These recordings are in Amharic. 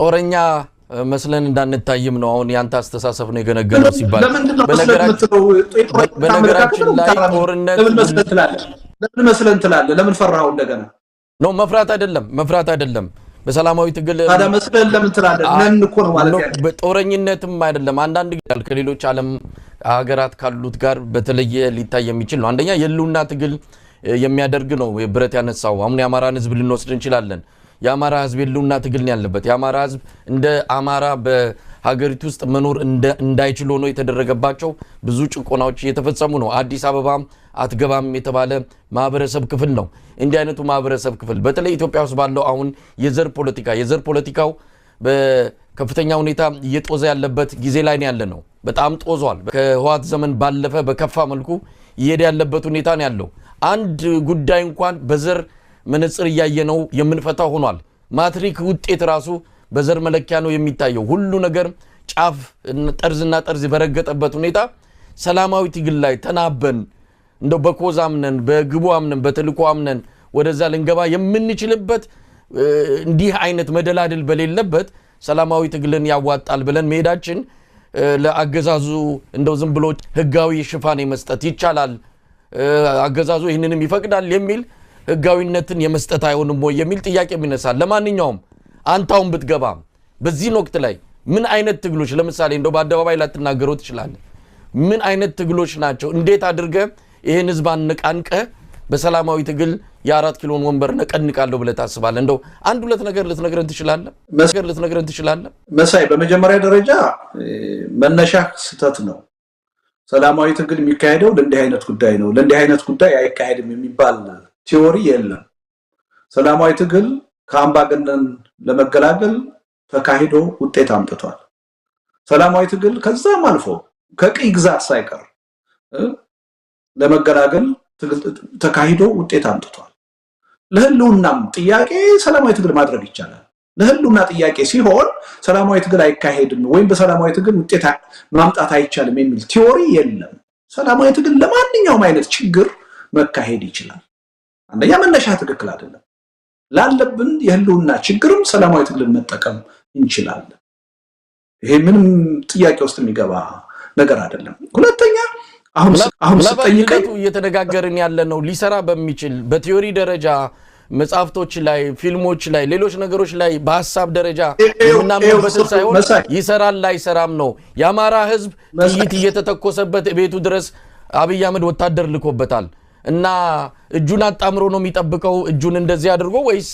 ጦረኛ መስለን እንዳንታይም ነው። አሁን ያንተ አስተሳሰብ ነው የገነገነው ሲባል በነገራችን ላይ ጦርነት ለምን መስለን ትላለህ? ለምን ፈራኸው? እንደገና ነው መፍራት አይደለም መፍራት አይደለም በሰላማዊ ትግል መስለን ለምን ትላለህ? ነን እኮ ነው ማለት ያለ በጦረኝነትም አይደለም አንዳንድ ጊዜ ከሌሎች ዓለም ሀገራት ካሉት ጋር በተለየ ሊታይ የሚችል ነው። አንደኛ የህልውና ትግል የሚያደርግ ነው። ብረት ያነሳው አሁን የአማራን ህዝብ ልንወስድ እንችላለን። የአማራ ህዝብ የህልውና ትግል ነው ያለበት። የአማራ ህዝብ እንደ አማራ በሀገሪቱ ውስጥ መኖር እንዳይችል ሆኖ የተደረገባቸው ብዙ ጭቆናዎች እየተፈጸሙ ነው። አዲስ አበባም አትገባም የተባለ ማህበረሰብ ክፍል ነው። እንዲህ አይነቱ ማህበረሰብ ክፍል በተለይ ኢትዮጵያ ውስጥ ባለው አሁን የዘር ፖለቲካ የዘር ፖለቲካው በከፍተኛ ሁኔታ እየጦዘ ያለበት ጊዜ ላይ ነው ያለ ነው። በጣም ጦዟል። ከህወሓት ዘመን ባለፈ በከፋ መልኩ እየሄደ ያለበት ሁኔታ ነው ያለው። አንድ ጉዳይ እንኳን በዘር መነጽር እያየ ነው የምንፈታ ሆኗል። ማትሪክ ውጤት ራሱ በዘር መለኪያ ነው የሚታየው። ሁሉ ነገር ጫፍ ጠርዝና ጠርዝ በረገጠበት ሁኔታ ሰላማዊ ትግል ላይ ተናበን እንደው በኮዝ አምነን በግቡ አምነን በተልእኮ አምነን ወደዛ ልንገባ የምንችልበት እንዲህ አይነት መደላድል በሌለበት ሰላማዊ ትግልን ያዋጣል ብለን መሄዳችን ለአገዛዙ እንደው ዝም ብሎ ህጋዊ ሽፋን መስጠት ይቻላል፣ አገዛዙ ይህንንም ይፈቅዳል የሚል ህጋዊነትን የመስጠት አይሆንም ወይ የሚል ጥያቄ የሚነሳል። ለማንኛውም አንታውን ብትገባም በዚህን ወቅት ላይ ምን አይነት ትግሎች ለምሳሌ እንደው በአደባባይ ላትናገረው ትችላለህ። ምን አይነት ትግሎች ናቸው? እንዴት አድርገ ይህን ህዝብ አንቃንቀህ በሰላማዊ ትግል የአራት ኪሎን ወንበር ነቀንቃለሁ ብለህ ታስባለህ? እንደው አንድ ሁለት ነገር ልትነግረን ትችላለህ? ነገር ልትነግረን ትችላለህ? መሳይ፣ በመጀመሪያ ደረጃ መነሻ ስህተት ነው። ሰላማዊ ትግል የሚካሄደው ለእንዲህ አይነት ጉዳይ ነው። ለእንዲህ አይነት ጉዳይ አይካሄድም የሚባል ቲዎሪ የለም። ሰላማዊ ትግል ከአምባገነን ለመገላገል ተካሂዶ ውጤት አምጥቷል። ሰላማዊ ትግል ከዛም አልፎ ከቅኝ ግዛት ሳይቀር ለመገላገል ተካሂዶ ውጤት አምጥቷል። ለህልውናም ጥያቄ ሰላማዊ ትግል ማድረግ ይቻላል። ለህልውና ጥያቄ ሲሆን ሰላማዊ ትግል አይካሄድም ወይም በሰላማዊ ትግል ውጤት ማምጣት አይቻልም የሚል ቲዎሪ የለም። ሰላማዊ ትግል ለማንኛውም አይነት ችግር መካሄድ ይችላል። አንደኛ መነሻ ትክክል አይደለም። ላለብን የህልውና ችግርም ሰላማዊ ትግልን መጠቀም እንችላለን። ይሄ ምንም ጥያቄ ውስጥ የሚገባ ነገር አይደለም። ሁለተኛ አሁን ስጠይቀኝ እየተነጋገርን ያለ ነው ሊሰራ በሚችል በቲዮሪ ደረጃ መጽሐፍቶች ላይ፣ ፊልሞች ላይ፣ ሌሎች ነገሮች ላይ በሀሳብ ደረጃ የምናምንበትን ሳይሆን ይሰራል ላይሰራም ነው። የአማራ ህዝብ ጥይት እየተተኮሰበት ቤቱ ድረስ አብይ አህመድ ወታደር ልኮበታል። እና እጁን አጣምሮ ነው የሚጠብቀው እጁን እንደዚህ አድርጎ ወይስ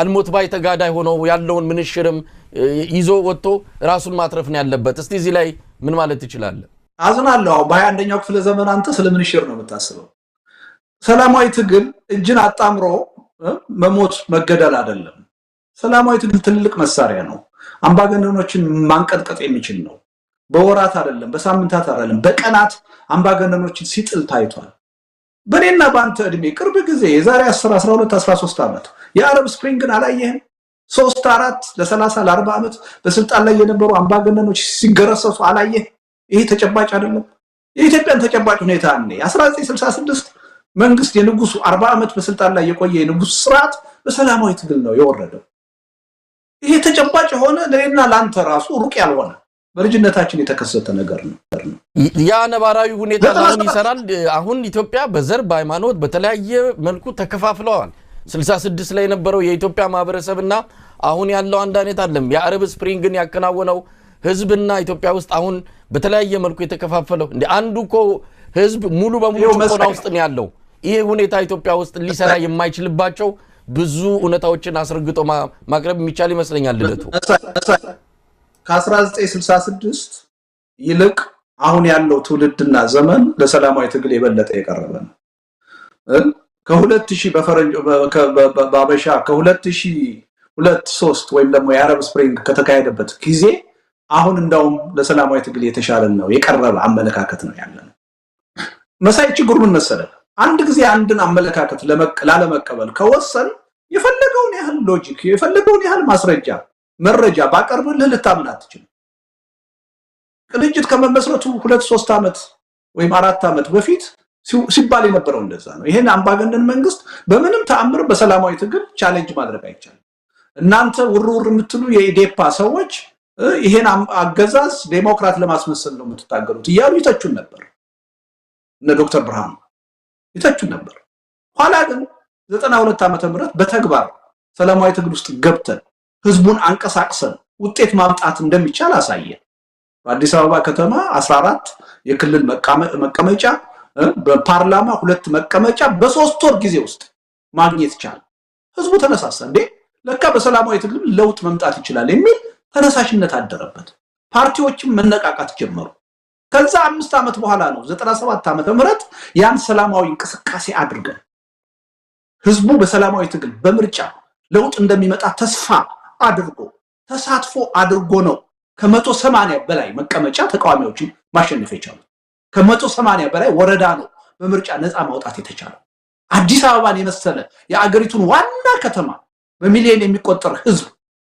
አልሞት ባይ ተጋዳይ ሆኖ ያለውን ምንሽርም ይዞ ወጥቶ ራሱን ማትረፍ ነው ያለበት? እስቲ እዚህ ላይ ምን ማለት ትችላለህ? አዝናለሁ። በሀያ አንደኛው ክፍለ ዘመን አንተ ስለ ምንሽር ነው የምታስበው? ሰላማዊ ትግል እጅን አጣምሮ መሞት መገደል አይደለም። ሰላማዊ ትግል ትልቅ መሳሪያ ነው። አምባገነኖችን ማንቀጥቀጥ የሚችል ነው። በወራት አይደለም፣ በሳምንታት አይደለም፣ በቀናት አምባገነኖችን ሲጥል ታይቷል። በእኔና በአንተ እድሜ ቅርብ ጊዜ የዛሬ 10 12 13 ዓመት የአረብ ስፕሪንግን አላየህም? ሶስት አራት ለ30 ዓመት በስልጣን ላይ የነበሩ አምባገነኖች ሲገረሰሱ አላየህ? ይሄ ተጨባጭ አይደለም? የኢትዮጵያን ተጨባጭ ሁኔታ እኔ 1966 መንግስት የንጉሱ አርባ ዓመት በስልጣን ላይ የቆየ የንጉስ ስርዓት በሰላማዊ ትግል ነው የወረደው። ይሄ ተጨባጭ የሆነ ለእኔና ለአንተ ራሱ ሩቅ ያልሆነ በልጅነታችን የተከሰተ ነገር ነው። ያ ነባራዊ ሁኔታ ሁን ይሰራል። አሁን ኢትዮጵያ በዘር በሃይማኖት፣ በተለያየ መልኩ ተከፋፍለዋል። 66 ላይ የነበረው የኢትዮጵያ ማህበረሰብ እና አሁን ያለው አንድ አይነት አለም። የአረብ ስፕሪንግን ያከናወነው ህዝብና ኢትዮጵያ ውስጥ አሁን በተለያየ መልኩ የተከፋፈለው እንደ አንዱ እኮ ህዝብ ሙሉ በሙሉ ጭቆና ውስጥ ነው ያለው። ይሄ ሁኔታ ኢትዮጵያ ውስጥ ሊሰራ የማይችልባቸው ብዙ እውነታዎችን አስረግጦ ማቅረብ የሚቻል ይመስለኛል ልደቱ ከ1966 ይልቅ አሁን ያለው ትውልድና ዘመን ለሰላማዊ ትግል የበለጠ የቀረበ ነው። ከ ከ2000 በፈረንጅ በአበሻ ከ2000 ሁለት ሶስት ወይም ደግሞ የአረብ ስፕሪንግ ከተካሄደበት ጊዜ አሁን እንዳውም ለሰላማዊ ትግል የተሻለን ነው የቀረበ አመለካከት ነው ያለ ነው። መሳይ ችግሩ ምን መሰለህ፣ አንድ ጊዜ አንድን አመለካከት ላለመቀበል ከወሰን የፈለገውን ያህል ሎጂክ የፈለገውን ያህል ማስረጃ መረጃ ባቀርብልህ ልታምን አትችልም። ቅንጅት ከመመስረቱ ሁለት ሶስት ዓመት ወይም አራት ዓመት በፊት ሲባል የነበረው እንደዛ ነው። ይህን አምባገነን መንግስት በምንም ተአምር በሰላማዊ ትግል ቻሌንጅ ማድረግ አይቻልም። እናንተ ውርውር የምትሉ የኢዴፓ ሰዎች ይሄን አገዛዝ ዴሞክራት ለማስመሰል ነው የምትታገሉት እያሉ ይተቹን ነበር። እነ ዶክተር ብርሃኑ ይተቹን ነበር። ኋላ ግን ዘጠና ሁለት ዓመተ ምህረት በተግባር ሰላማዊ ትግል ውስጥ ገብተን ህዝቡን አንቀሳቅሰን ውጤት ማምጣት እንደሚቻል አሳየን። በአዲስ አበባ ከተማ 14 የክልል መቀመጫ፣ በፓርላማ ሁለት መቀመጫ በሶስት ወር ጊዜ ውስጥ ማግኘት ቻለ። ህዝቡ ተነሳሳ። እንዴ ለካ በሰላማዊ ትግል ለውጥ መምጣት ይችላል የሚል ተነሳሽነት አደረበት። ፓርቲዎችም መነቃቃት ጀመሩ። ከዛ አምስት ዓመት በኋላ ነው 97 ዓመተ ምህረት ያን ሰላማዊ እንቅስቃሴ አድርገን ህዝቡ በሰላማዊ ትግል በምርጫ ለውጥ እንደሚመጣ ተስፋ አድርጎ ተሳትፎ አድርጎ ነው ከመቶ ሰማንያ በላይ መቀመጫ ተቃዋሚዎችን ማሸነፍ የቻሉት። ከመቶ ሰማንያ በላይ ወረዳ ነው በምርጫ ነፃ ማውጣት የተቻለው። አዲስ አበባን የመሰለ የአገሪቱን ዋና ከተማ በሚሊዮን የሚቆጠር ህዝብ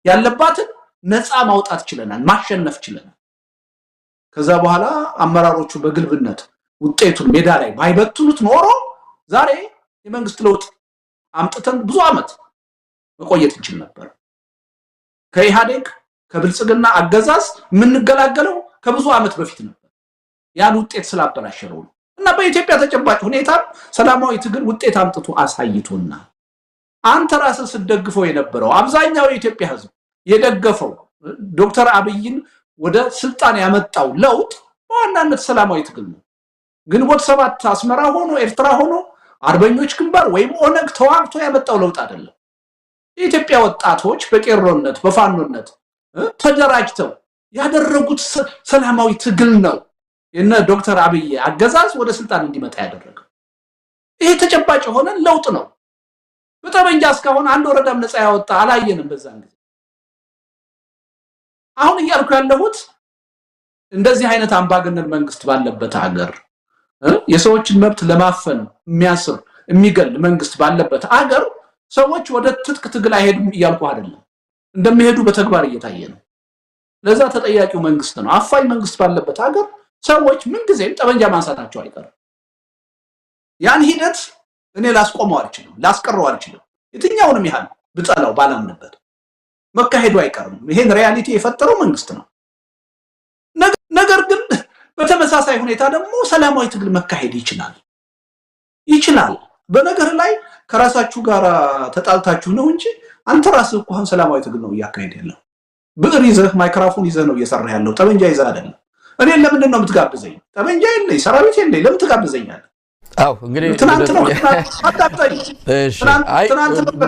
ያለባትን ነፃ ማውጣት ችለናል፣ ማሸነፍ ችለናል። ከዛ በኋላ አመራሮቹ በግልብነት ውጤቱን ሜዳ ላይ ባይበትኑት ኖሮ ዛሬ የመንግስት ለውጥ አምጥተን ብዙ ዓመት መቆየት እንችል ነበር። ከኢህአዴግ ከብልጽግና አገዛዝ የምንገላገለው ከብዙ ዓመት በፊት ነበር። ያን ውጤት ስላበላሸረው ነው እና በኢትዮጵያ ተጨባጭ ሁኔታም ሰላማዊ ትግል ውጤት አምጥቶ አሳይቶና አንተ ራስህ ስትደግፈው የነበረው አብዛኛው የኢትዮጵያ ህዝብ የደገፈው ዶክተር አብይን ወደ ስልጣን ያመጣው ለውጥ በዋናነት ሰላማዊ ትግል ነው። ግንቦት ሰባት አስመራ ሆኖ ኤርትራ ሆኖ አርበኞች ግንባር ወይም ኦነግ ተዋግቶ ያመጣው ለውጥ አይደለም። የኢትዮጵያ ወጣቶች በቄሮነት በፋኖነት ተደራጅተው ያደረጉት ሰላማዊ ትግል ነው የነ ዶክተር አብይ አገዛዝ ወደ ስልጣን እንዲመጣ ያደረገው። ይሄ ተጨባጭ የሆነ ለውጥ ነው። በጠመንጃ እስካሁን አንድ ወረዳም ነፃ ያወጣ አላየንም በዛን ጊዜ። አሁን እያልኩ ያለሁት እንደዚህ አይነት አምባገነን መንግስት ባለበት ሀገር የሰዎችን መብት ለማፈን የሚያስር የሚገል መንግስት ባለበት አገር ሰዎች ወደ ትጥቅ ትግል አይሄድም እያልኩ አይደለም፣ እንደሚሄዱ በተግባር እየታየ ነው። ለዛ ተጠያቂው መንግስት ነው። አፋኝ መንግስት ባለበት ሀገር ሰዎች ምንጊዜም ጠመንጃ ማንሳታቸው አይቀርም። ያን ሂደት እኔ ላስቆመው አልችልም፣ ላስቀረው አልችልም። የትኛውንም ያህል ብጠላው ባላምንበት መካሄዱ አይቀርም። ይሄን ሪያሊቲ የፈጠረው መንግስት ነው። ነገር ግን በተመሳሳይ ሁኔታ ደግሞ ሰላማዊ ትግል መካሄድ ይችላል ይችላል። በነገር ላይ ከራሳችሁ ጋር ተጣልታችሁ ነው እንጂ አንተ ራስህ እኮ አሁን ሰላማዊ ትግል ነው እያካሄድ ያለው። ብዕር ይዘህ ማይክራፎን ይዘህ ነው እየሰራ ያለው፣ ጠመንጃ ይዘህ አይደለም። እኔን ለምንድን ነው የምትጋብዘኝ? ጠመንጃ የለኝ፣ ሰራዊት የለኝ፣ ለምን ትጋብዘኛለህ?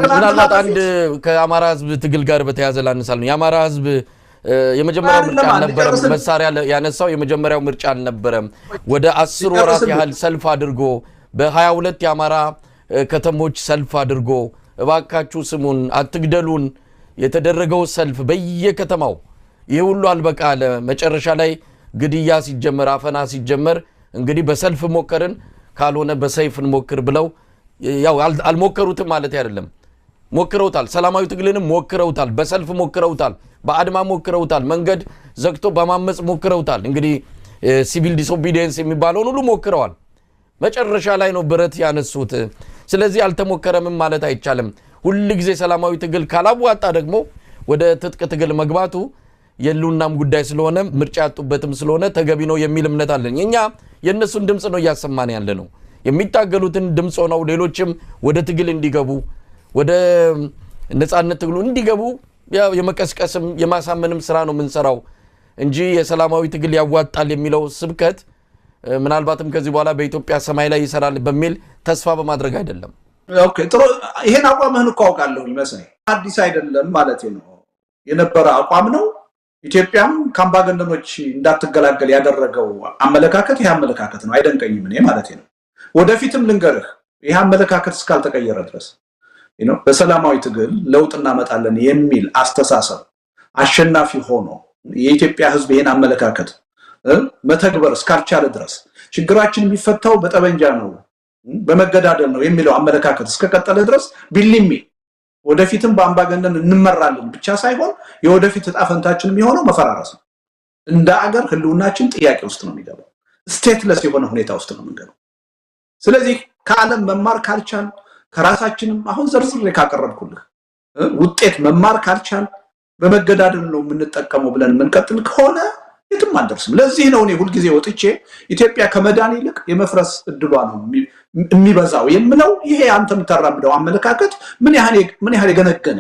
ምናልባት አንድ ከአማራ ህዝብ ትግል ጋር በተያዘ ላነሳል ነው የአማራ ህዝብ የመጀመሪያው ምርጫ አልነበረም። መሳሪያ ያነሳው የመጀመሪያው ምርጫ አልነበረም። ወደ አስር ወራት ያህል ሰልፍ አድርጎ በ22 የአማራ ከተሞች ሰልፍ አድርጎ እባካችሁ ስሙን፣ አትግደሉን። የተደረገው ሰልፍ በየከተማው ይህ ሁሉ አልበቃ አለ። መጨረሻ ላይ ግድያ ሲጀመር፣ አፈና ሲጀመር እንግዲህ በሰልፍ ሞከርን ካልሆነ በሰይፍ እንሞክር ብለው ያው አልሞከሩትም ማለት አይደለም። ሞክረውታል። ሰላማዊ ትግልንም ሞክረውታል። በሰልፍ ሞክረውታል። በአድማ ሞክረውታል። መንገድ ዘግቶ በማመፅ ሞክረውታል። እንግዲህ ሲቪል ዲስኦቢዲየንስ የሚባለውን ሁሉ ሞክረዋል። መጨረሻ ላይ ነው ብረት ያነሱት። ስለዚህ አልተሞከረምም ማለት አይቻልም። ሁል ጊዜ ሰላማዊ ትግል ካላዋጣ ደግሞ ወደ ትጥቅ ትግል መግባቱ የሉናም ጉዳይ ስለሆነ ምርጫ ያጡበትም ስለሆነ ተገቢ ነው የሚል እምነት አለን። የኛ የእነሱን ድምፅ ነው እያሰማን ያለ ነው። የሚታገሉትን ድምፅ ሆነው ሌሎችም ወደ ትግል እንዲገቡ ወደ ነፃነት ትግሉ እንዲገቡ የመቀስቀስም የማሳመንም ስራ ነው የምንሰራው እንጂ የሰላማዊ ትግል ያዋጣል የሚለው ስብከት ምናልባትም ከዚህ በኋላ በኢትዮጵያ ሰማይ ላይ ይሰራል በሚል ተስፋ በማድረግ አይደለም። ጥሩ ይሄን አቋምህን እኮ አውቃለሁ አዲስ አይደለም ማለት ነው። የነበረ አቋም ነው። ኢትዮጵያም ከአምባገነኖች እንዳትገላገል ያደረገው አመለካከት ይህ አመለካከት ነው። አይደንቀኝም እኔ ማለት ነው። ወደፊትም ልንገርህ ይህ አመለካከት እስካልተቀየረ ድረስ በሰላማዊ ትግል ለውጥ እናመጣለን የሚል አስተሳሰብ አሸናፊ ሆኖ የኢትዮጵያ ሕዝብ ይህን አመለካከት መተግበር እስካልቻለ ድረስ ችግራችን የሚፈታው በጠበንጃ ነው በመገዳደል ነው የሚለው አመለካከት እስከቀጠለ ድረስ ቢሊሚ ወደፊትም በአምባገነን እንመራለን ብቻ ሳይሆን የወደፊት እጣ ፈንታችን የሚሆነው መፈራረስ ነው። እንደ አገር ህልውናችን ጥያቄ ውስጥ ነው የሚገባው። ስቴትለስ የሆነ ሁኔታ ውስጥ ነው የምንገባው። ስለዚህ ከዓለም መማር ካልቻል ከራሳችንም አሁን ዘርዝሬ ካቀረብኩልህ ውጤት መማር ካልቻል በመገዳደል ነው የምንጠቀመው ብለን የምንቀጥል ከሆነ የትም አንደርስም። ለዚህ ነው እኔ ሁልጊዜ ወጥቼ ኢትዮጵያ ከመዳን ይልቅ የመፍረስ እድሏ ነው የሚበዛው የምለው። ይሄ አንተ የምታራምደው አመለካከት ምን ያህል የገነገነ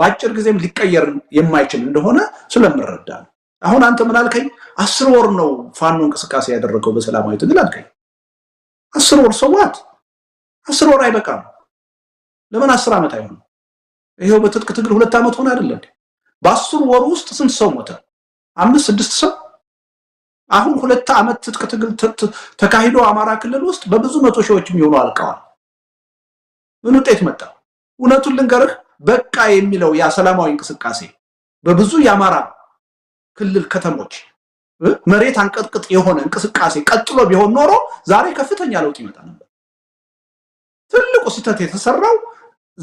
በአጭር ጊዜም ሊቀየር የማይችል እንደሆነ ስለምረዳ ነው። አሁን አንተ ምን አልከኝ? አስር ወር ነው ፋኖ እንቅስቃሴ ያደረገው በሰላማዊ ትግል አልከኝ። አስር ወር ሰዋት አስር ወር አይበቃም። ለምን አስር ዓመት አይሆንም? ይሄው በትጥቅ ትግል ሁለት ዓመት ሆነ አይደለ? በአስር ወር ውስጥ ስንት ሰው ሞተ? አምስት ስድስት ሰው አሁን ሁለት ዓመት ትጥቅ ትግል ተካሂዶ አማራ ክልል ውስጥ በብዙ መቶ ሺዎች የሚሆኑ አልቀዋል። ምን ውጤት መጣ? እውነቱን ልንገርህ፣ በቃ የሚለው ያ ሰላማዊ እንቅስቃሴ በብዙ የአማራ ክልል ከተሞች መሬት አንቀጥቅጥ የሆነ እንቅስቃሴ ቀጥሎ ቢሆን ኖሮ ዛሬ ከፍተኛ ለውጥ ይመጣ ነበር። ትልቁ ስህተት የተሰራው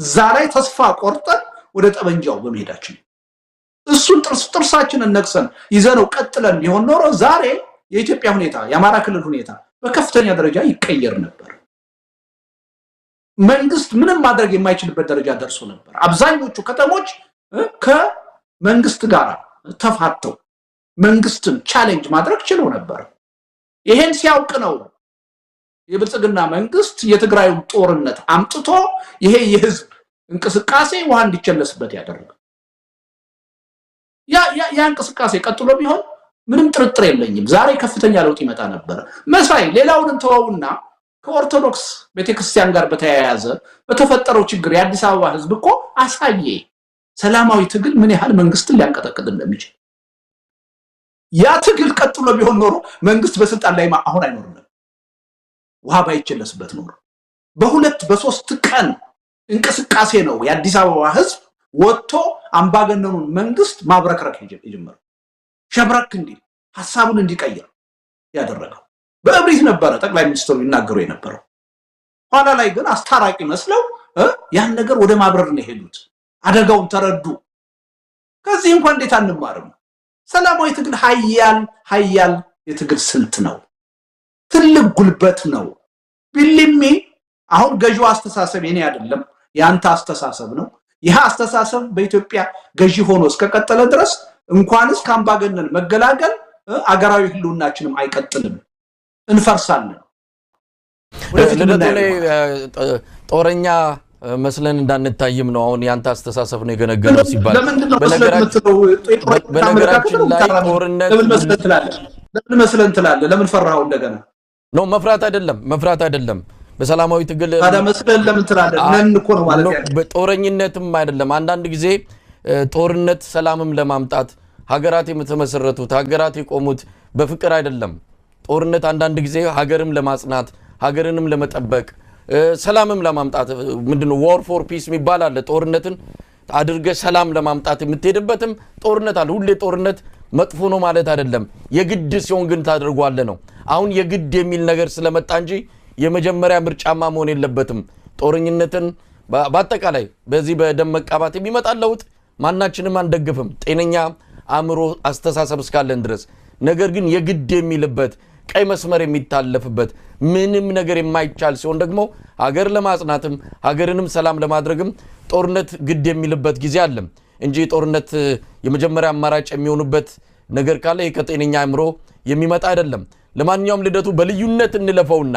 እዛ ላይ ተስፋ ቆርጠን ወደ ጠበንጃው በመሄዳችን እሱን ጥርስ ጥርሳችንን ነቅሰን ይዘነው ቀጥለን ቢሆን ኖሮ ዛሬ የኢትዮጵያ ሁኔታ የአማራ ክልል ሁኔታ በከፍተኛ ደረጃ ይቀየር ነበር። መንግስት ምንም ማድረግ የማይችልበት ደረጃ ደርሶ ነበር። አብዛኞቹ ከተሞች ከመንግስት ጋር ተፋተው መንግስትን ቻሌንጅ ማድረግ ችለው ነበር። ይሄን ሲያውቅ ነው የብልጽግና መንግስት የትግራዩን ጦርነት አምጥቶ ይሄ የህዝብ እንቅስቃሴ ውሃ እንዲቸለስበት ያደረገ ያ እንቅስቃሴ ቀጥሎ ቢሆን ምንም ጥርጥር የለኝም ዛሬ ከፍተኛ ለውጥ ይመጣ ነበር። መሳይ ሌላውን እንተወውና ከኦርቶዶክስ ቤተክርስቲያን ጋር በተያያዘ በተፈጠረው ችግር የአዲስ አበባ ህዝብ እኮ አሳየ ሰላማዊ ትግል ምን ያህል መንግስትን ሊያንቀጠቅጥ እንደሚችል። ያ ትግል ቀጥሎ ቢሆን ኖሮ መንግስት በስልጣን ላይ አሁን አይኖርም፣ ውሃ ባይቸለስበት ኖሮ። በሁለት በሶስት ቀን እንቅስቃሴ ነው የአዲስ አበባ ህዝብ ወጥቶ አምባገነኑን መንግስት ማብረክረክ የጀመረው ሸብረክ እንዲል ሀሳቡን እንዲቀይር ያደረገው በእብሪት ነበረ ጠቅላይ ሚኒስትሩ ይናገሩ የነበረው። ኋላ ላይ ግን አስታራቂ መስለው ያን ነገር ወደ ማብረር ነው የሄዱት። አደጋውን ተረዱ። ከዚህ እንኳ እንዴት አንማርም? ሰላማዊ ትግል ሀያል ሀያል የትግል ስልት ነው። ትልቅ ጉልበት ነው። ቢልሚ አሁን ገዢው አስተሳሰብ የኔ አይደለም የአንተ አስተሳሰብ ነው ይህ አስተሳሰብ በኢትዮጵያ ገዢ ሆኖ እስከቀጠለ ድረስ እንኳንስ ከአምባገነን መገላገል አገራዊ ህልውናችንም አይቀጥልም፣ እንፈርሳለን። ጦረኛ መስለን እንዳንታይም ነው። አሁን ያንተ አስተሳሰብ ነው የገነገነው ሲባል በነገራችን ላይ ጦርነት ለምን መስለን ትላለህ? ለምን ፈራኸው? እንደገና ነው መፍራት አይደለም መፍራት አይደለም በሰላማዊ ትግል መስቀል ለምን ትላለህ? ነን እኮ ነው ማለት ያለ በጦረኝነትም አይደለም። አንዳንድ ጊዜ ጦርነት ሰላምም ለማምጣት ሀገራት የተመሰረቱት ሀገራት የቆሙት በፍቅር አይደለም። ጦርነት አንዳንድ ጊዜ ሀገርም ለማጽናት ሀገርንም ለመጠበቅ ሰላምም ለማምጣት ምንድነው ዋር ፎር ፒስ የሚባል አለ። ጦርነትን አድርገ ሰላም ለማምጣት የምትሄድበትም ጦርነት አለ። ሁሌ ጦርነት መጥፎ ነው ማለት አይደለም። የግድ ሲሆን ግን ታደርጓለ ነው። አሁን የግድ የሚል ነገር ስለመጣ እንጂ የመጀመሪያ ምርጫማ መሆን የለበትም። ጦርኝነትን በአጠቃላይ በዚህ በደም መቃባት የሚመጣ ለውጥ ማናችንም አንደግፍም፣ ጤነኛ አእምሮ፣ አስተሳሰብ እስካለን ድረስ። ነገር ግን የግድ የሚልበት ቀይ መስመር የሚታለፍበት ምንም ነገር የማይቻል ሲሆን ደግሞ ሀገር ለማጽናትም ሀገርንም ሰላም ለማድረግም ጦርነት ግድ የሚልበት ጊዜ አለም እንጂ ጦርነት የመጀመሪያ አማራጭ የሚሆኑበት ነገር ካለ ከጤነኛ አእምሮ የሚመጣ አይደለም። ለማንኛውም ልደቱ በልዩነት እንለፈውና